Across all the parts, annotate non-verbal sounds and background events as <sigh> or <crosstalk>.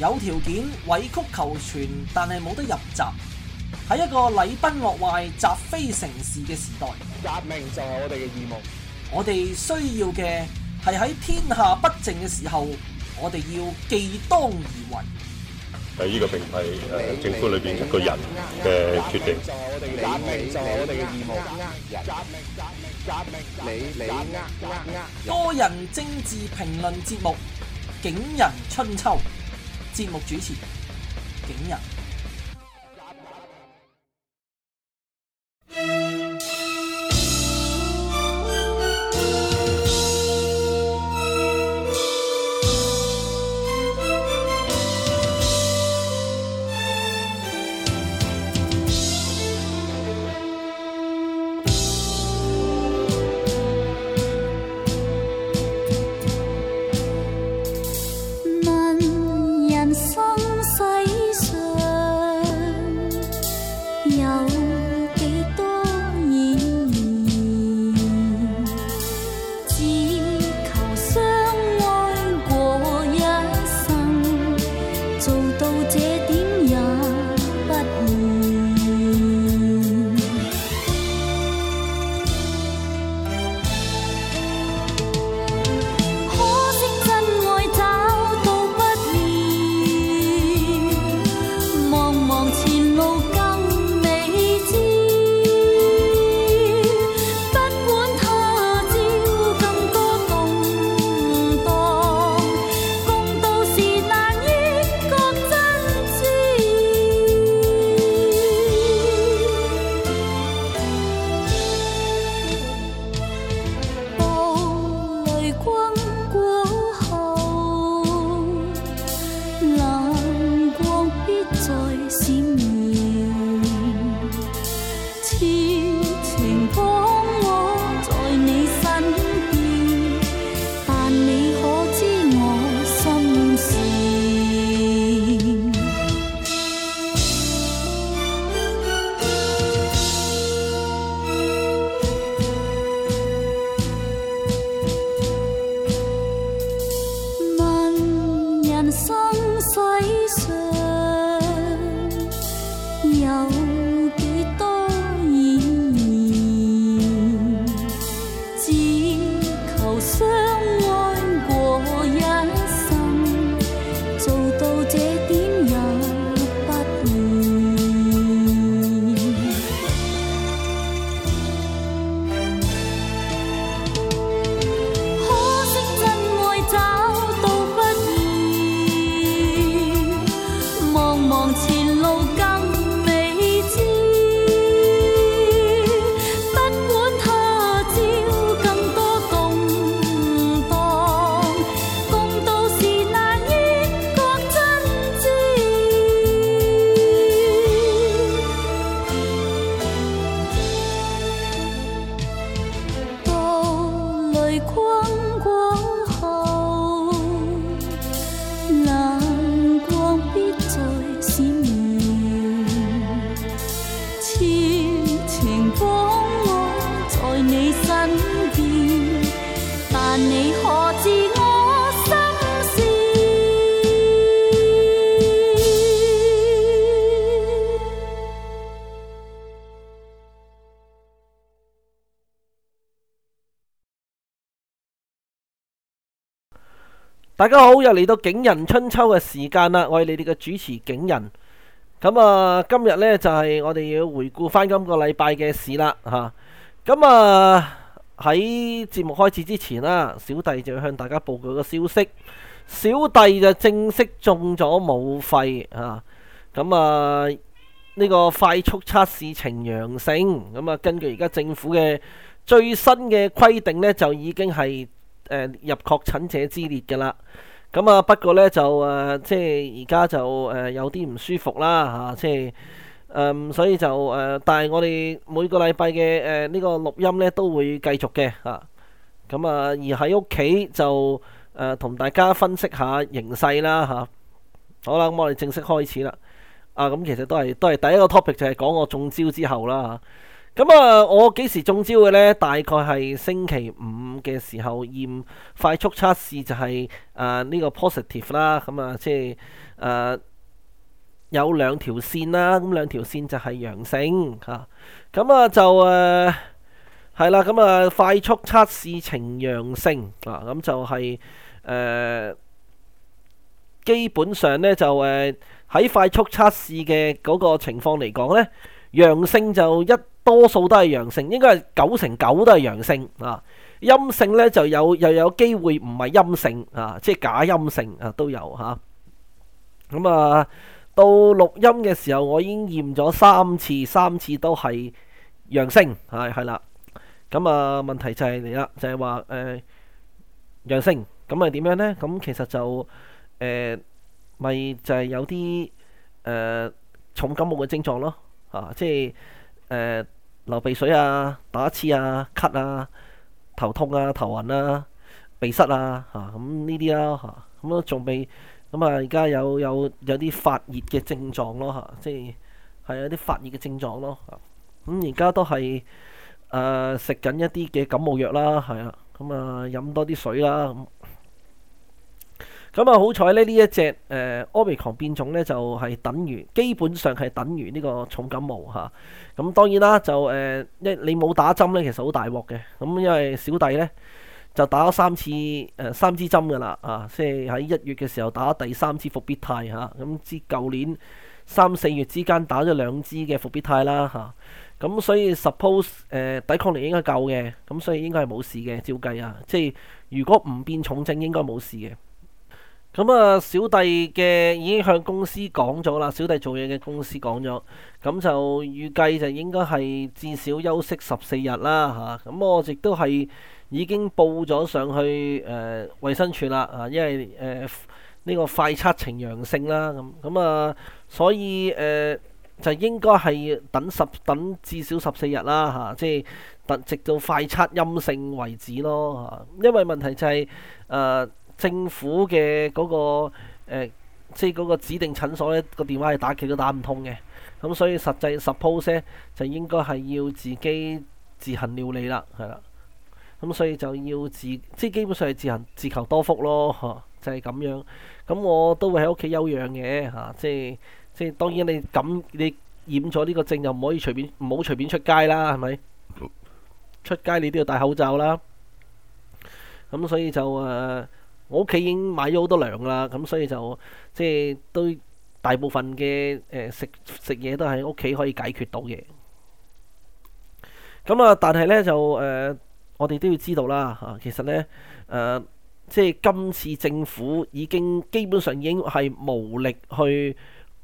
有條件委曲求全，但係冇得入閘。喺一個禮崩樂壞、積非成是嘅時代，革命就係我哋嘅義務。我哋需要嘅係喺天下不正嘅時候，我哋要既當而為。喺呢個並唔係誒政府裏邊一個人嘅決定。就係我哋革命就係我哋嘅義務。革命革命革命你你個人政治評論節目《景仁春秋》。節目主持，景仁。大家好，又嚟到景仁春秋嘅時間啦，我係你哋嘅主持景仁。咁啊，今日呢，就係我哋要回顧翻今個禮拜嘅事啦。吓，咁啊喺節目開始之前啦，小弟就要向大家報告個消息。小弟就正式中咗武肺啊，咁啊呢個快速測試呈陽性，咁啊根據而家政府嘅最新嘅規定呢，就已經係。入確診者之列嘅啦，咁啊，不過呢，就啊、呃，即係而家就誒、呃、有啲唔舒服啦嚇，即係、嗯、所以就誒、呃，但係我哋每個禮拜嘅誒呢個錄音呢都會繼續嘅嚇，咁啊，而喺屋企就誒同、呃、大家分析下形勢啦嚇、啊，好啦，咁我哋正式開始啦，啊，咁其實都係都係第一個 topic 就係講我中招之後啦。咁啊！我幾時中招嘅咧？大概係星期五嘅時候驗快速測試，就是，就係啊呢個 positive 啦。咁啊、就是，即係啊有兩條線啦。咁兩條線就係陽性嚇。咁啊就誒係、呃、啦。咁啊快速測試呈陽性啊，咁就係、是、誒、呃，基本上咧就誒喺、呃、快速測試嘅嗰個情況嚟講咧，陽性就一。多數都係陽性，應該係九成九都係陽性啊。陰性咧就有又有機會唔係陰性啊，即係假陰性啊都有吓。咁啊，到錄音嘅時候，我已經驗咗三次，三次都係陽性，係係啦。咁啊，問題就係嚟啦，就係話誒陽性，咁咪點樣咧？咁其實就誒咪、呃、就係、是、有啲誒、呃、重感冒嘅症狀咯，啊，即係誒。呃流鼻水啊，打刺啊，咳啊，頭痛啊，頭暈啊、鼻塞啊，嚇咁呢啲啦，嚇咁都仲未咁啊而家有有有啲發熱嘅症狀咯嚇，即係係有啲發熱嘅症狀咯咁而家都係誒食緊一啲嘅感冒藥啦，係啊，咁啊飲多啲水啦咁。咁啊，好彩呢呢一隻誒奧密克戎變種咧，就係等於基本上係等於呢個重感冒嚇。咁、啊、當然啦，就誒一、呃、你冇打針咧，其實好大鑊嘅。咁因為小弟咧就打咗三次誒、呃、三支針嘅啦啊，啊，即係喺一月嘅時候打咗第三支復必泰嚇。咁至舊年三四月之間打咗兩支嘅復必泰啦嚇。咁、啊啊、所以 suppose 誒、呃、抵抗力應該夠嘅，咁所以應該係冇事嘅。照計啊，即係如果唔變重症，應該冇事嘅。咁啊，小弟嘅已經向公司講咗啦，小弟做嘢嘅公司講咗，咁就預計就應該係至少休息十四日啦，吓、啊，咁我亦都係已經報咗上去誒衛、呃、生署啦，啊，因為誒呢、呃這個快測呈陽性啦，咁咁啊，所以誒、呃、就應該係等十等至少十四日啦，吓、啊，即係等直到快測陰性為止咯，吓、啊，因為問題就係、是、誒。啊政府嘅嗰、那個、呃、即係嗰個指定診所咧，個電話去打佢都打唔通嘅。咁所以實際 suppose 咧就應該係要自己自行料理啦，係啦。咁所以就要自即係基本上係自行自求多福咯，呵、啊，就係、是、咁樣。咁我都會喺屋企休養嘅，嚇、啊，即係即係當然你咁你染咗呢個症又唔可以隨便唔好隨便出街啦，係咪？好出街你都要戴口罩啦。咁所以就誒。呃我屋企已經買咗好多糧啦，咁所以就即係、就是、都大部分嘅誒、呃、食食嘢都喺屋企可以解決到嘅。咁啊，但係咧就誒、呃，我哋都要知道啦吓，其實咧誒、呃，即係今次政府已經基本上已經係無力去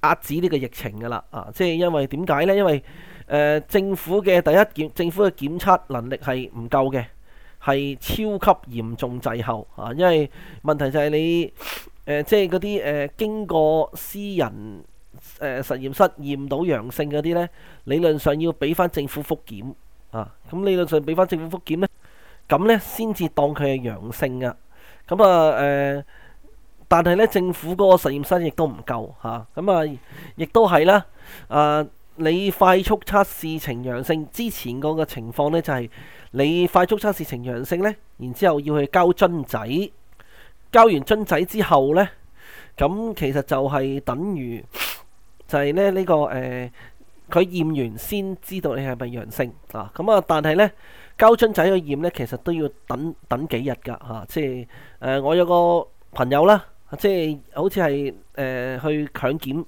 壓止呢個疫情噶啦啊！即係因為點解咧？因為誒、呃、政府嘅第一檢政府嘅檢,檢測能力係唔夠嘅。係超級嚴重滯後啊！因為問題就係你誒、呃，即係嗰啲誒經過私人誒、呃、實驗室驗到陽性嗰啲呢，理論上要俾翻政府復檢啊！咁理論上俾翻政府復檢呢，咁呢先至當佢係陽性㗎。咁啊誒、呃，但係呢政府嗰個實驗室亦、啊啊、都唔夠嚇，咁啊亦都係啦。啊，你快速測試呈陽性之前嗰個情況呢、就係，就係。你快速測試呈陽性呢，然之後要去交樽仔，交完樽仔之後呢，咁其實就係等於就係咧呢個誒，佢、呃、驗完先知道你係咪陽性啊！咁啊，但係呢，交樽仔去驗呢，其實都要等等幾日㗎嚇，即係誒、呃、我有個朋友啦，即係好似係誒去強檢，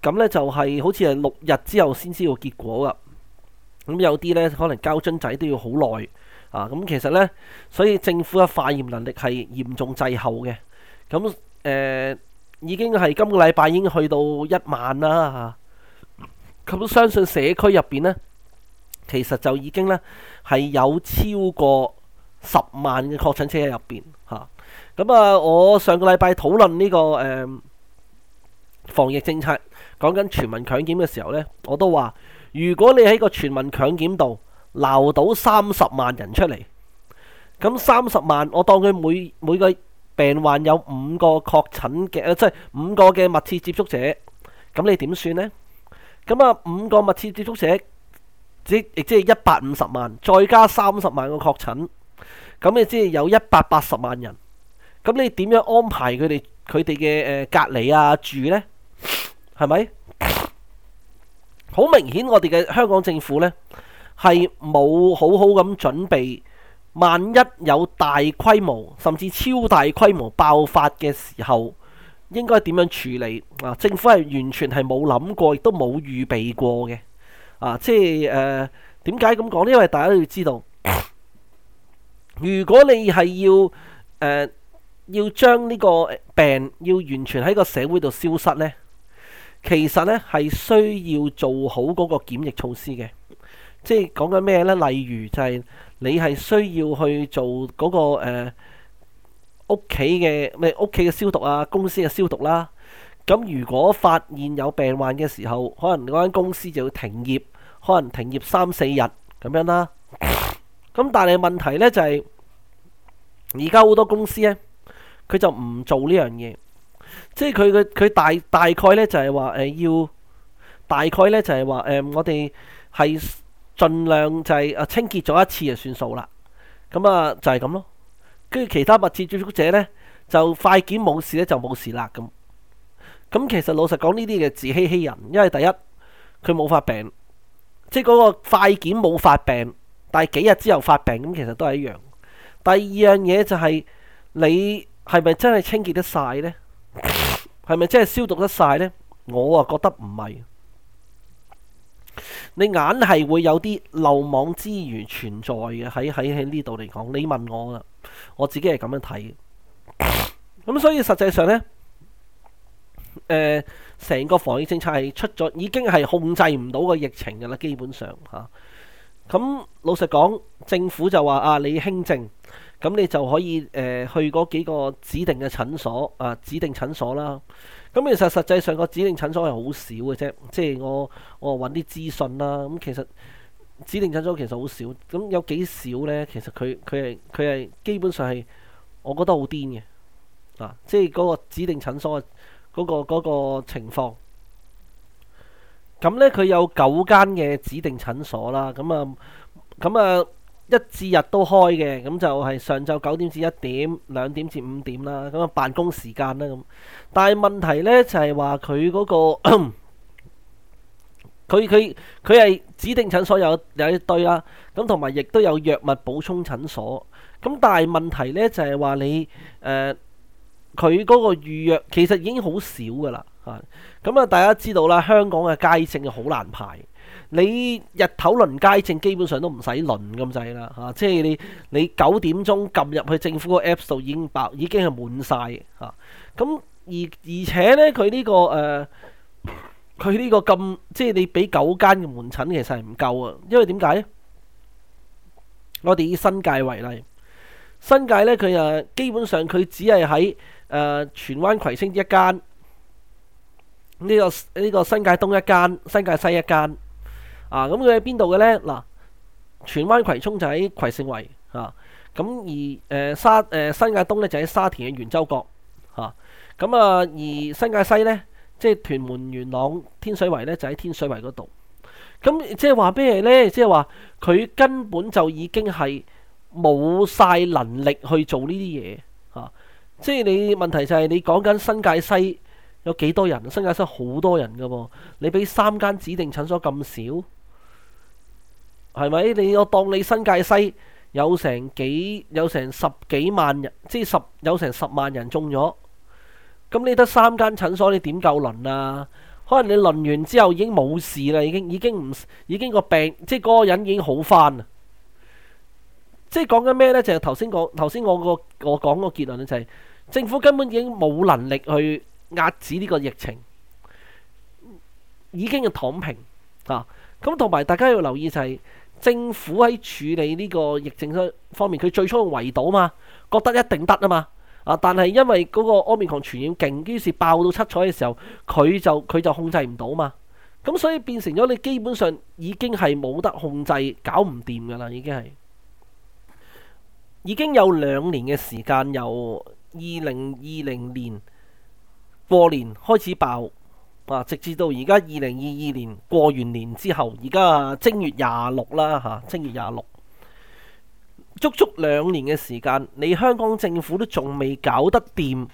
咁呢，就係、係、好似係六日之後先知道結果㗎。咁、嗯、有啲咧，可能膠樽仔都要好耐啊！咁、嗯、其實咧，所以政府嘅化驗能力係嚴重滯後嘅。咁、嗯、誒、呃，已經係今個禮拜已經去到一萬啦。咁、啊嗯、相信社區入邊咧，其實就已經咧係有超過十萬嘅確診者喺入邊嚇。咁啊、嗯、啊，我上個禮拜討論呢、呢個誒、嗯、防疫政策，講緊全民強檢嘅時候咧，我都話。如果你喺個全民強檢度鬧到三十萬人出嚟，咁三十萬我當佢每每個病患有五個確診嘅，即係五個嘅密切接觸者，咁你點算呢？咁啊，五個密切接觸者即亦即係一百五十萬，再加三十萬個確診，咁你即係有一百八十萬人，咁你點樣安排佢哋佢哋嘅誒隔離啊住呢？係咪？好明顯，我哋嘅香港政府呢係冇好好咁準備，萬一有大規模甚至超大規模爆發嘅時候，應該點樣處理啊？政府係完全係冇諗過，亦都冇預備過嘅啊！即係誒點解咁講呢？因為大家都要知道，如果你係要、呃、要將呢個病要完全喺個社會度消失呢，其實咧係需要做好嗰個檢疫措施嘅，即係講緊咩咧？例如就係你係需要去做嗰、誒個屋企嘅，咩屋企嘅消毒啊，公司嘅消毒啦、啊。咁如果發現有病患嘅時候，可能嗰間公司就要停業，可能停業三四日咁樣啦。咁 <laughs> 但係問題咧就係、係，而家好多公司咧，佢就唔做呢樣嘢。即係佢嘅，佢大大概咧就係話誒，要、呃、大概咧就係話誒，我哋係盡量就係、是、誒、啊、清潔咗一次就算數啦。咁、嗯、啊就係、是、咁咯，跟住其他密切接觸者咧就快檢冇事咧就冇事啦。咁、嗯、咁其實老實講呢啲嘅自欺欺人，因為第一佢冇發病，即係嗰個快檢冇發病，但係幾日之後發病咁，其實都係一樣。第二樣嘢就係、是、你係咪真係清潔得晒咧？係咪真係消毒得晒呢？我啊覺得唔係，你硬係會有啲漏網之魚存在嘅。喺喺喺呢度嚟講，你問我啦，我自己係咁樣睇嘅。咁所以實際上呢，誒、呃，成個防疫政策係出咗，已經係控制唔到個疫情噶啦，基本上嚇。咁、啊、老實講，政府就話啊，你輕症。咁你就可以誒、呃、去嗰幾個指定嘅診所啊，指定診所啦。咁其實實際上個指定診所係好少嘅啫，即係我我搵啲資訊啦。咁其實指定診所其實好少，咁有幾少咧？其實佢佢係佢係基本上係我覺得好癲嘅啊，即係嗰個指定診所嘅嗰個嗰個情況。咁咧，佢有九間嘅指定診所啦。咁啊，咁啊。一至日都開嘅，咁就係上晝九點至一點、兩點至五點啦，咁啊辦公時間啦咁。但係問題呢，就係話佢嗰個，佢佢佢係指定診所有有一堆啦，咁同埋亦都有藥物補充診所。咁但係問題呢，就係、是、話你誒，佢、呃、嗰個預約其實已經好少㗎喇，啊，咁啊大家知道啦，香港嘅街症好難排。你日頭輪街政基本上都唔使輪咁滯啦，嚇、啊，即係你你九點鐘撳入去政府個 app 度已經爆，已經係滿晒。嚇、啊。咁而而且咧，佢呢個誒佢呢個咁，即係你俾九間嘅門診其實係唔夠啊，因為點解咧？我哋以新界為例，新界咧佢啊基本上佢只係喺誒荃灣葵青一間，呢個呢個新界東一間，新界西一間。啊，咁佢喺邊度嘅咧？嗱，荃灣葵涌就喺葵盛圍啊，咁而誒沙誒、呃、新界東咧就喺沙田嘅圓洲角。嚇、啊，咁啊而新界西咧，即係屯門元朗天水圍咧就喺天水圍嗰度。咁即係話咩咧？即係話佢根本就已經係冇晒能力去做呢啲嘢嚇。即係你問題就係、是、你講緊新界西有幾多人？新界西好多人噶、啊、噃、啊，你俾三間指定診所咁少？係咪？你我當你新界西有成幾有成十幾萬人，即係十有成十萬人中咗，咁你得三間診所，你點夠輪啊？可能你輪完之後已經冇事啦，已經已經唔已經個病，即係嗰個人已經好返。即係講緊咩呢？就係頭先講頭先我個我講個結論咧、就是，就係政府根本已經冇能力去壓止呢個疫情，已經係躺平啊！咁同埋大家要留意就係、是。政府喺處理呢個疫症方面，佢最初圍堵嘛，覺得一定得啊嘛，啊但係因為嗰個奧密克戎傳染勁，於是爆到七彩嘅時候，佢就佢就控制唔到嘛，咁所以變成咗你基本上已經係冇得控制，搞唔掂噶啦，已經係已經有兩年嘅時間，由二零二零年過年開始爆。啊！直至到而家二零二二年過完年之後，而家啊正月廿六啦，吓、啊、正月廿六，足足兩年嘅時間，你香港政府都仲未搞得掂。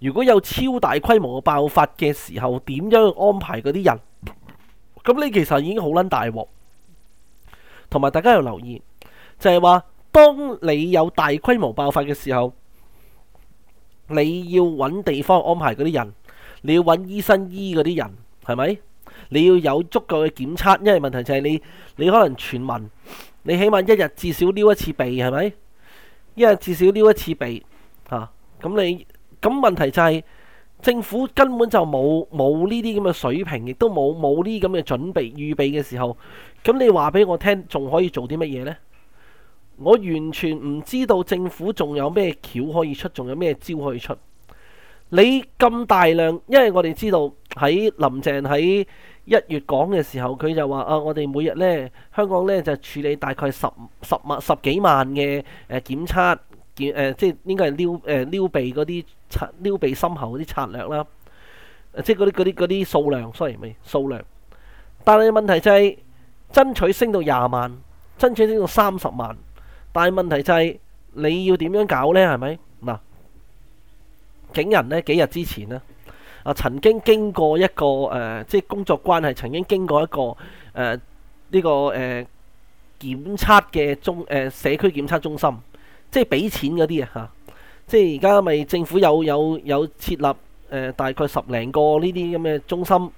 如果有超大規模嘅爆發嘅時候，點樣安排嗰啲人？咁你其實已經好捻大鑊。同埋大家要留意，就係、是、話，當你有大規模爆發嘅時候，你要搵地方安排嗰啲人。你要揾醫生醫嗰啲人係咪？你要有足夠嘅檢測，因為問題就係你你可能全民，你起碼一日至少撩一次鼻係咪？一日至少撩一次鼻嚇，咁、啊、你咁問題就係、是、政府根本就冇冇呢啲咁嘅水平，亦都冇冇呢啲咁嘅準備預備嘅時候，咁你話俾我聽，仲可以做啲乜嘢呢？我完全唔知道政府仲有咩橋可以出，仲有咩招可以出。你咁大量，因為我哋知道喺林鄭喺一月講嘅時候，佢就話啊、呃，我哋每日呢，香港呢，就處理大概十十萬十幾萬嘅誒、呃、檢測檢誒、呃，即係應該係撩誒撩鼻嗰啲撩鼻深喉嗰啲策略啦，即係嗰啲嗰啲嗰啲數量，sorry 咪數量。但係問題就係、是、爭取升到廿萬，爭取升到三十萬，但係問題就係、是、你要點樣搞呢？係咪嗱？景仁呢幾日之前呢，啊，曾經經過一個誒、呃，即係工作關係，曾經經過一個誒呢、呃這個誒、呃、檢測嘅中誒、呃、社區檢測中心，即係俾錢嗰啲啊，嚇！即係而家咪政府有有有設立誒、呃、大概十零個呢啲咁嘅中心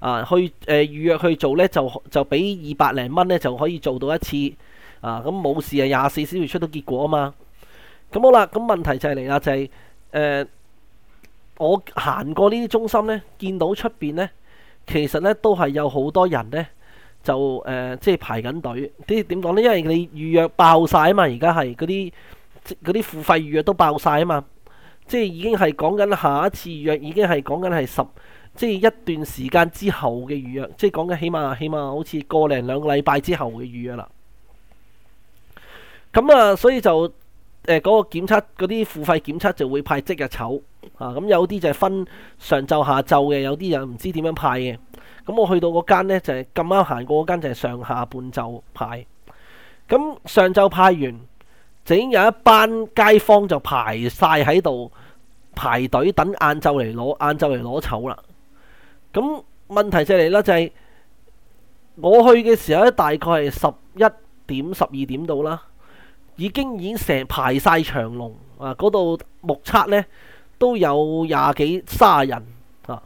啊，去誒預、呃、約去做呢，就就俾二百零蚊呢就可以做到一次啊。咁冇事啊，廿四小時出到結果啊嘛。咁好啦，咁問題就係嚟啦，就係、是、誒。呃我行過呢啲中心呢，見到出邊呢，其實呢都係有好多人呢，就誒、呃、即係排緊隊。即係點講呢？因為你預約爆晒啊嘛，而家係嗰啲嗰啲付費預約都爆晒啊嘛，即係已經係講緊下一次預約，已經係講緊係十即係一段時間之後嘅預約，即係講緊起碼起碼好似個零兩個禮拜之後嘅預約啦。咁啊，所以就誒嗰、呃嗰個檢測嗰啲付費檢測就會派即日籌。啊，咁有啲就係分上晝、下晝嘅，有啲人唔知點樣派嘅。咁我去到嗰間咧，就係咁啱行過嗰間，就係上下半晝派。咁上晝派完，整有一班街坊就排晒喺度排隊等晏晝嚟攞晏晝嚟攞籌啦。咁問題就嚟啦，就係我去嘅時候咧，大概係十一點、十二點到啦，已經已經成排晒長龍啊！嗰度目測呢。都有廿幾卅人啊！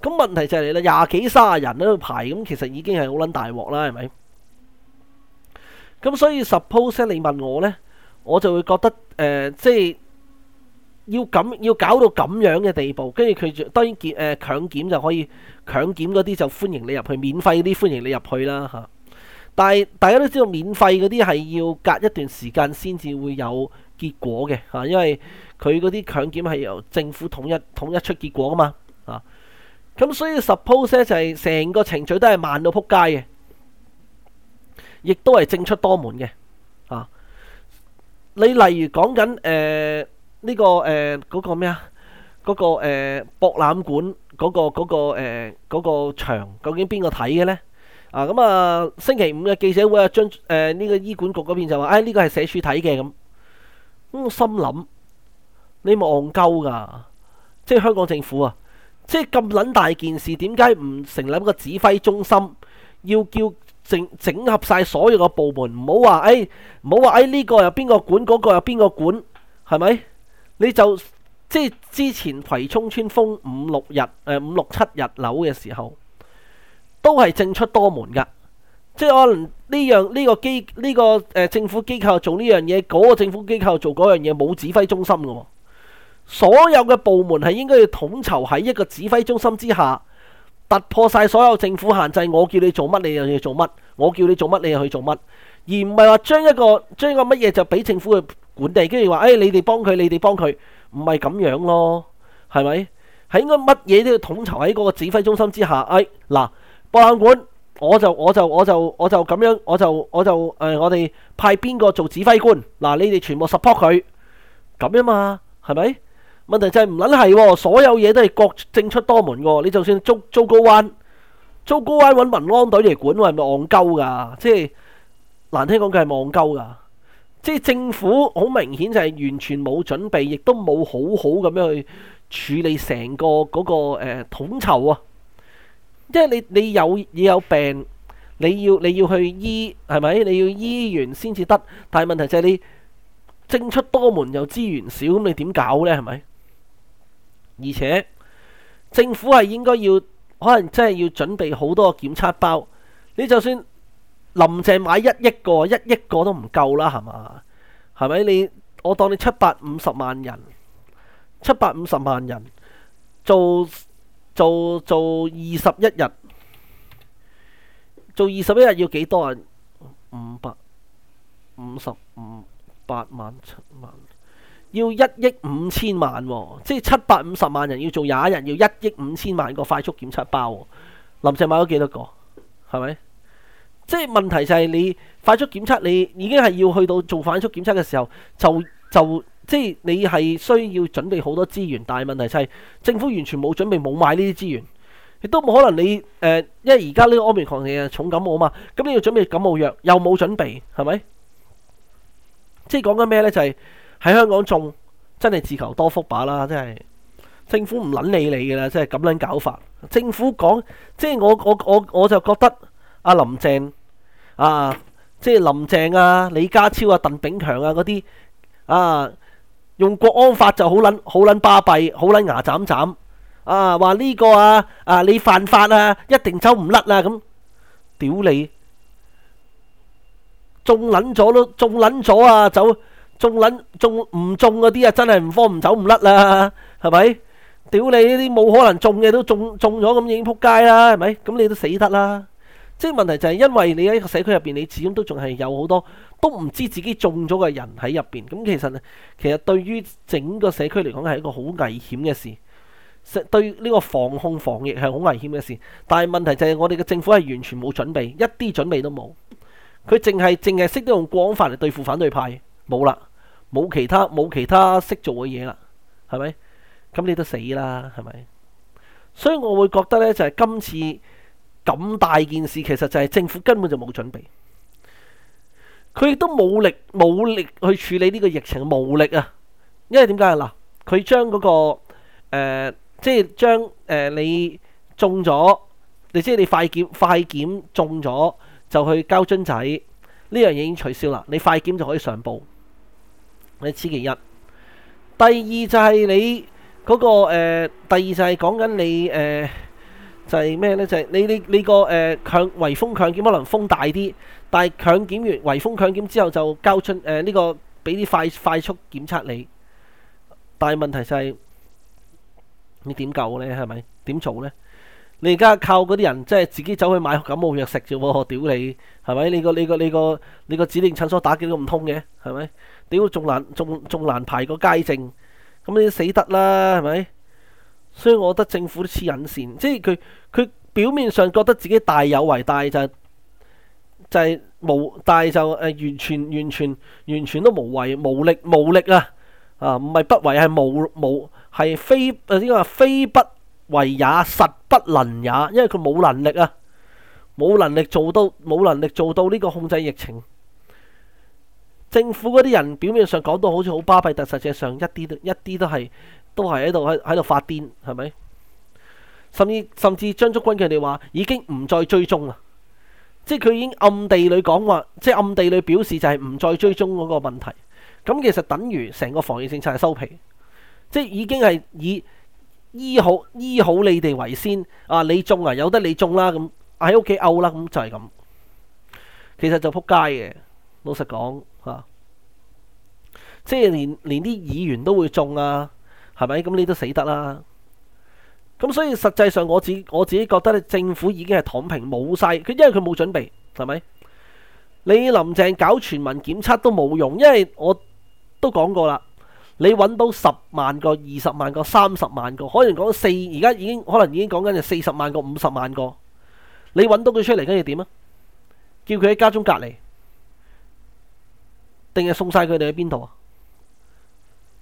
咁問題就嚟啦，廿幾卅人喺度排，咁其實已經係好撚大鑊啦，係咪？咁所以 suppose 你問我呢，我就會覺得誒、呃，即係要咁要搞到咁樣嘅地步，跟住佢就當然檢誒、呃、強檢就可以強檢嗰啲就歡迎你入去，免費嗰啲歡迎你入去啦嚇、啊。但係大家都知道，免費嗰啲係要隔一段時間先至會有。結果嘅啊，因為佢嗰啲強檢係由政府統一統一出結果噶嘛啊，咁所以 suppose 咧，就係成個程序都係慢到撲街嘅，亦都係政出多門嘅啊。你例如講緊誒呢個誒嗰個咩啊嗰個誒博覽館嗰個嗰個誒嗰個場，究竟邊個睇嘅呢啊？咁啊，星期五嘅記者會啊，將誒呢個醫管局嗰邊就話，哎，呢個係社署睇嘅咁。我心諗你冇戇鳩噶，即係香港政府啊！即係咁撚大件事，點解唔成立一個指揮中心？要叫整整合晒所有個部門，唔好話誒，唔好話誒呢個又邊個管，嗰個又邊個管，係咪？你就即係之前葵涌村封五六日誒、呃、五六七日樓嘅時候，都係政出多門噶。即係可能呢樣呢個機呢個誒政府機構做呢樣嘢，嗰個政府機構做嗰樣嘢，冇指揮中心嘅，所有嘅部門係應該要統籌喺一個指揮中心之下，突破晒所有政府限制。我叫你做乜，你又要做乜？我叫你做乜，你又去做乜？而唔係話將一個將個乜嘢就俾政府去管理，跟住話誒，你哋幫佢，你哋幫佢，唔係咁樣咯，係咪？係應該乜嘢都要統籌喺嗰個指揮中心之下？誒，嗱，博覽館。我就我就我就我就咁樣，我就我就誒、呃，我哋派邊個做指揮官？嗱，你哋全部 support 佢咁樣嘛，係咪？問題就係唔撚係喎，所有嘢都係各政出多門喎。你就算竹竹篙灣，竹篙灣揾民安隊嚟管，係咪戇鳩㗎？即係難聽講佢係戇鳩㗎。即係政府好明顯就係完全冇準備，亦都冇好好咁樣去處理成個嗰、嗰個誒、呃、統籌啊！即係你你有你有病，你要你要去醫係咪？你要醫完先至得，但係問題就係你政出多門又資源少，咁你點搞呢？係咪？而且政府係應該要可能真係要準備好多個檢測包。你就算林鄭買一億個，一億個都唔夠啦，係嘛？係咪？你我當你七百五十萬人，七百五十萬人做。做做二十一日，做二十一日要幾多啊？五百五十五八萬七萬，要一億五千萬，即係七百五十萬人要做廿一日，要一億五千萬個快速檢測包。林鄭買咗幾多個？係咪？即係問題就係你快速檢測，你已經係要去到做快速檢測嘅時候，就就。即係你係需要準備好多資源，但係問題就係政府完全冇準備冇買呢啲資源，亦都冇可能你誒、呃，因為而家呢個 Omicron 係重感冒啊嘛，咁你要準備感冒藥又冇準備，係咪？即係講緊咩呢？就係、是、喺香港種真係自求多福把啦，真係政府唔撚理你嘅啦，即係咁樣搞法。政府講即係我我我我就覺得阿林鄭啊，即係林鄭啊、李家超啊、鄧炳強啊嗰啲啊。用國安法就好捻好捻巴閉，好捻牙斬斬啊！話呢個啊啊你犯法啊，一定走唔甩啦咁，屌你！中捻咗都中捻咗啊，走！中捻中唔中嗰啲啊，真係唔慌唔走唔甩啦，係咪？屌你呢啲冇可能中嘅都中中咗咁已經撲街啦，係咪？咁你都死得啦！即係問題就係因為你喺一個社區入邊，你始終都仲係有好多都唔知自己中咗嘅人喺入邊。咁其實呢，其實對於整個社區嚟講係一個好危險嘅事，對呢個防控防疫係好危險嘅事。但係問題就係我哋嘅政府係完全冇準備，一啲準備都冇。佢淨係淨係識得用國安法嚟對付反對派，冇啦，冇其他冇其他識做嘅嘢啦，係咪？咁你都死啦，係咪？所以我會覺得呢，就係今次。咁大件事，其實就係政府根本就冇準備，佢亦都冇力冇力去處理呢個疫情冇力啊！因為點解嗱，佢將嗰個、呃、即係將誒你中咗，你即係你快檢快檢中咗就去交樽仔呢樣嘢已經取消啦。你快檢就可以上報。你此其一，第二就係你嗰、嗰個、呃、第二就係講緊你誒。呃就係咩呢？就係、是、你你你個誒、呃、強圍封強檢可能封大啲，但係強檢完圍封強檢之後就交出誒呢、呃這個俾啲快快速檢測你。但係問題就係、是、你點救呢？係咪點做呢？你而家靠嗰啲人即係自己走去買感冒藥食啫喎！屌你係咪？你個你個你個你個指定診所打幾都唔通嘅係咪？屌仲難仲仲難排個街症咁你死得啦係咪？是所以我覺得政府都黐隱善，即係佢佢表面上覺得自己大有為大，但係就係、係、就係、係、無，但係就誒完全完全完全都無為無力無力啊！啊，唔係不為，係無無係非誒點、呃、非不為也，實不能也，因為佢冇能力啊，冇能力做到冇能力做到呢個控制疫情。政府嗰啲人表面上講到好似好巴閉，但實際上一啲都一啲都係。都係喺度喺喺度發癲，係咪？甚至甚至張竹君佢哋話已經唔再追蹤啦，即係佢已經暗地裏講話，即係暗地裏表示就係唔再追蹤嗰個問題。咁其實等於成個防疫政策係收皮，即係已經係以醫好醫好你哋為先。啊，你中啊有得你中，啊，啦，咁喺屋企漚啦，咁就係咁。其實就撲街嘅，老實講吓，啊，即係連連啲議員都會中啊。係咪咁你都死得啦？咁所以實際上我自我自己覺得咧，政府已經係躺平，冇晒佢，因為佢冇準備，係咪？你林鄭搞全民檢測都冇用，因為我都講過啦，你揾到十萬個、二十萬個、三十萬個，可能講四而家已經可能已經講緊四十萬個、五十萬個，你揾到佢出嚟，跟住點啊？叫佢喺家中隔離，定係送晒佢哋去邊度啊？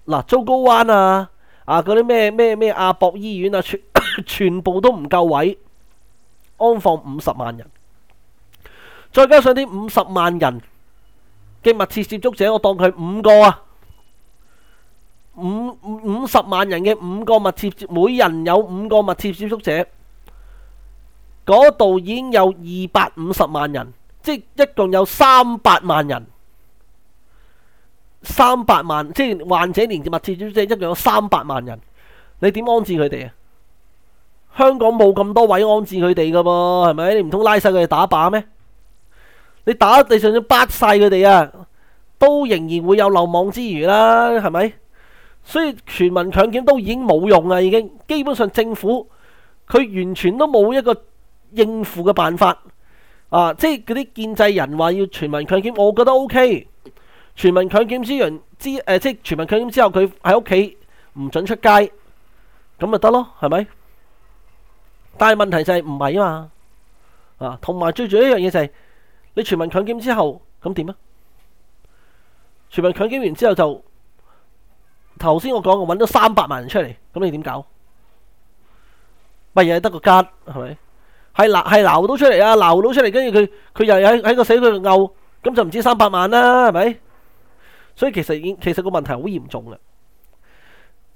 嗱，竹篙灣啊？啊！嗰啲咩咩咩阿博醫院啊，全 <laughs> 全部都唔夠位安放五十萬人，再加上啲五十萬人嘅密切接觸者，我當佢五個啊，五五十萬人嘅五個密切接，每人有五個密切接觸者，嗰度已經有二百五十萬人，即一共有三百萬人。三百萬，即係患者連密切接觸者一共有三百萬人，你點安置佢哋啊？香港冇咁多位安置佢哋噶噃，係咪？你唔通拉晒佢哋打靶咩？你打地上咗八晒佢哋啊，都仍然會有漏網之魚啦，係咪？所以全民強檢都已經冇用啦，已經基本上政府佢完全都冇一個應付嘅辦法啊！即係嗰啲建制人話要全民強檢，我覺得 OK。全民強檢之完之，誒，即係全民強檢之後，佢喺屋企唔准出街，咁咪得咯，係咪？但係問題就係唔係啊嘛，啊，同埋最主要一樣嘢就係你全民強檢之後，咁點啊？全民強檢完之後就頭先我講，我搵咗三百萬人出嚟，咁你點搞？乜嘢得個吉，係咪？係流係撈到出嚟啊，撈到出嚟，跟住佢佢又喺喺個死窟度嘔，咁就唔止三百萬啦，係咪？所以其實已經其實個問題好嚴重啦，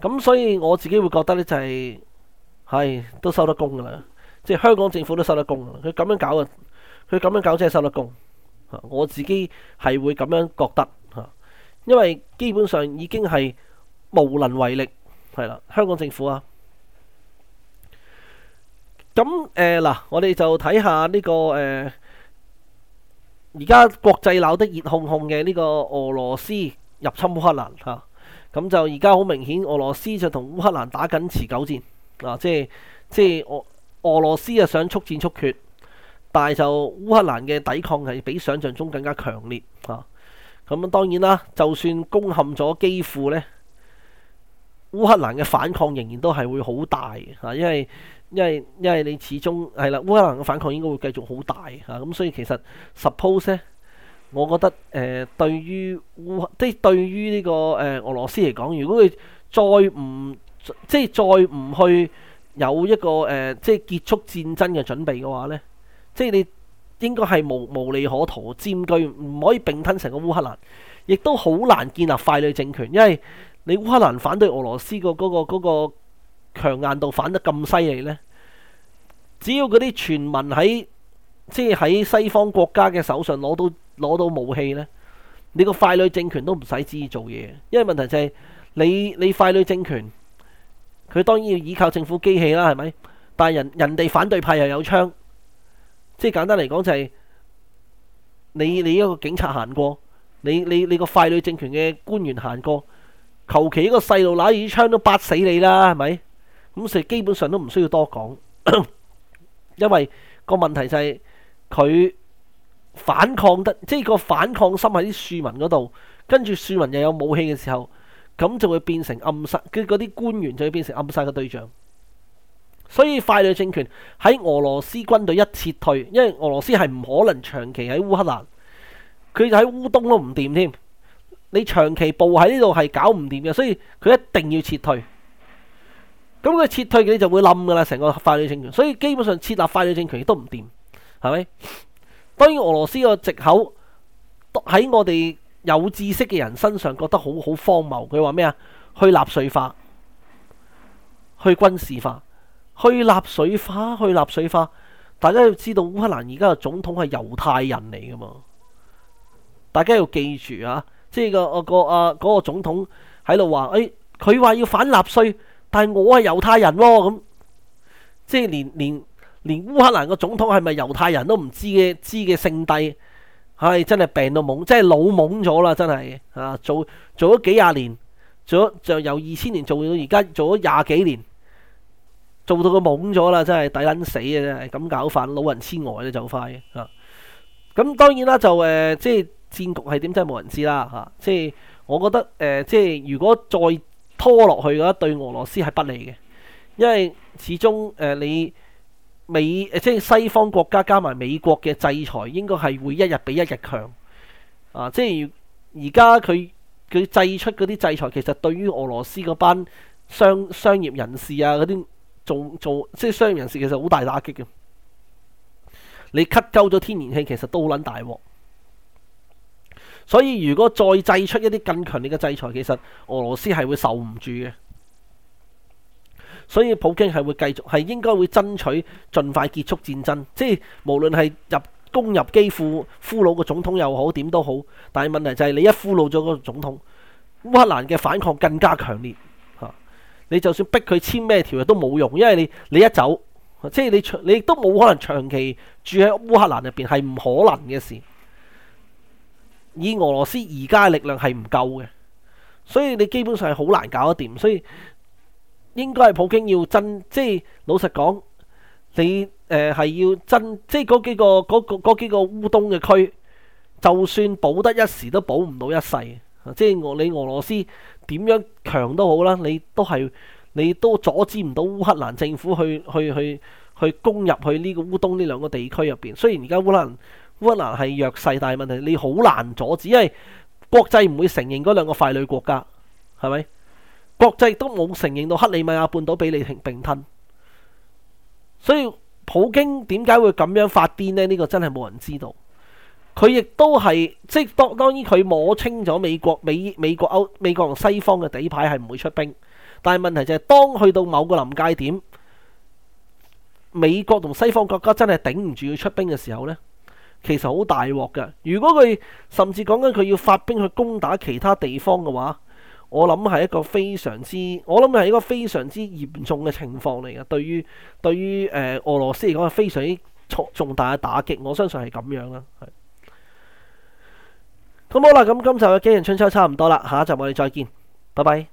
咁所以我自己會覺得呢，就係、是、係都收得工噶啦，即係香港政府都收得工噶啦。佢咁樣搞啊，佢咁樣搞真係收得工。我自己係會咁樣覺得嚇，因為基本上已經係無能為力係啦。香港政府啊，咁誒嗱，我哋就睇下呢個誒。呃而家國際鬧得熱烘烘嘅呢個俄羅斯入侵烏克蘭嚇，咁就而家好明顯，俄羅斯就同烏克蘭打緊持久戰啊！即係即係俄俄羅斯啊想速戰速決，但係就烏克蘭嘅抵抗係比想像中更加強烈嚇。咁啊當然啦，就算攻陷咗基輔呢，烏克蘭嘅反抗仍然都係會好大嚇，因為，因為因為你始終係啦，烏克蘭嘅反抗應該會繼續好大嚇，咁、啊、所以其實 suppose 咧，我覺得誒、呃、對於烏即係對於呢、呃這個誒、呃、俄羅斯嚟講，如果佢再唔即係再唔去有一個誒、呃、即係結束戰爭嘅準備嘅話咧，即係你應該係無無利可圖，佔據唔可以並吞成個烏克蘭，亦都好難建立傀儡政權，因為你烏克蘭反對俄羅斯個嗰個嗰個。那個那個那個那個強硬度反得咁犀利呢？只要嗰啲全民喺即係喺西方國家嘅手上攞到攞到武器呢，你個傀儡政權都唔使旨意做嘢。因為問題就係你你傀儡政權，佢當然要依靠政府機器啦，係咪？但係人人哋反對派又有槍，即係簡單嚟講就係你你一個警察行過，你你你個傀儡政權嘅官員行過，求其一個細路拿支槍都殺死你啦，係咪？咁所以基本上都唔需要多講， <coughs> 因為個問題就係佢反抗得，即係個反抗心喺啲庶民嗰度，跟住庶民又有武器嘅時候，咁就會變成暗殺，佢嗰啲官員就會變成暗殺嘅對象。所以傀儡政權喺俄羅斯軍隊一撤退，因為俄羅斯係唔可能長期喺烏克蘭，佢就喺烏東都唔掂添。你長期步喺呢度係搞唔掂嘅，所以佢一定要撤退。咁佢撤退嘅，你就會冧噶啦，成個法律政權。所以基本上設立法律政權亦都唔掂，係咪？當然俄羅斯個藉口喺我哋有知識嘅人身上覺得好好荒謬。佢話咩啊？去納粹化，去軍事化，去納粹化，去納粹化。大家要知道烏克蘭而家嘅總統係猶太人嚟噶嘛？大家要記住啊！即係、嗰個個啊嗰個總統喺度話：，誒、哎，佢話要反納粹。」但係我係猶太人咯，咁即係連連連烏克蘭個總統係咪猶太人都唔知嘅？知嘅聖帝，唉、哎，真係病到懵，即係老懵咗啦，真係啊！做做咗幾廿年，做咗就由二千年做到而家，做咗廿幾年，做到個懵咗啦，真係抵捻死啊！真係咁搞法，老人痴呆咧就快啊！咁當然啦，就誒、呃，即係戰局係點真係冇人知啦吓、啊。即係我覺得誒、呃，即係如果再……拖落去嘅話對俄羅斯係不利嘅，因為始終誒、呃、你美誒即係西方國家加埋美國嘅制裁，應該係會一日比一日強啊！即係而家佢佢製出嗰啲制裁，其實對於俄羅斯嗰班商商業人士啊嗰啲做做即係商業人士，其實好大打擊嘅。你 cut 鳩咗天然氣，其實都好撚大鑊。所以如果再祭出一啲更強烈嘅制裁，其實俄羅斯係會受唔住嘅。所以普京係會繼續，係應該會爭取盡快結束戰爭。即係無論係入攻入基輔俘虜個總統又好，點都好。但係問題就係你一俘虜咗個總統，烏克蘭嘅反抗更加強烈嚇、啊。你就算逼佢簽咩條約都冇用，因為你你一走，即係你你都冇可能長期住喺烏克蘭入邊，係唔可能嘅事。以俄羅斯而家嘅力量係唔夠嘅，所以你基本上係好難搞得掂，所以應該係普京要真，即係老實講，你誒係、呃、要真，即係嗰幾個嗰個嗰幾個烏東嘅區，就算保得一時都保唔到一世，即係俄你俄羅斯點樣強都好啦，你都係你都阻止唔到烏克蘭政府去去去去攻入去呢個烏東呢兩個地區入邊。雖然而家烏克蘭。烏蘭係弱勢，但係問題，你好難阻止，因為國際唔會承認嗰兩個傀儡國家，係咪？國際都冇承認到克里米亞半島俾你平並吞，所以普京點解會咁樣發癲呢？呢、呢個真係冇人知道。佢亦都係即係當當然佢摸清咗美國美美國歐美國同西方嘅底牌係唔會出兵，但係問題就係、係、當去到某個臨界點，美國同西方國家真係頂唔住要出兵嘅時候呢。其實好大鑊噶，如果佢甚至講緊佢要發兵去攻打其他地方嘅話，我諗係一個非常之，我諗係一個非常之嚴重嘅情況嚟噶。對於對於誒、呃、俄羅斯嚟講，係非常之重大嘅打擊。我相信係咁樣啦。咁好啦，咁今集嘅《景仁春秋》差唔多啦，下一集我哋再見，拜拜。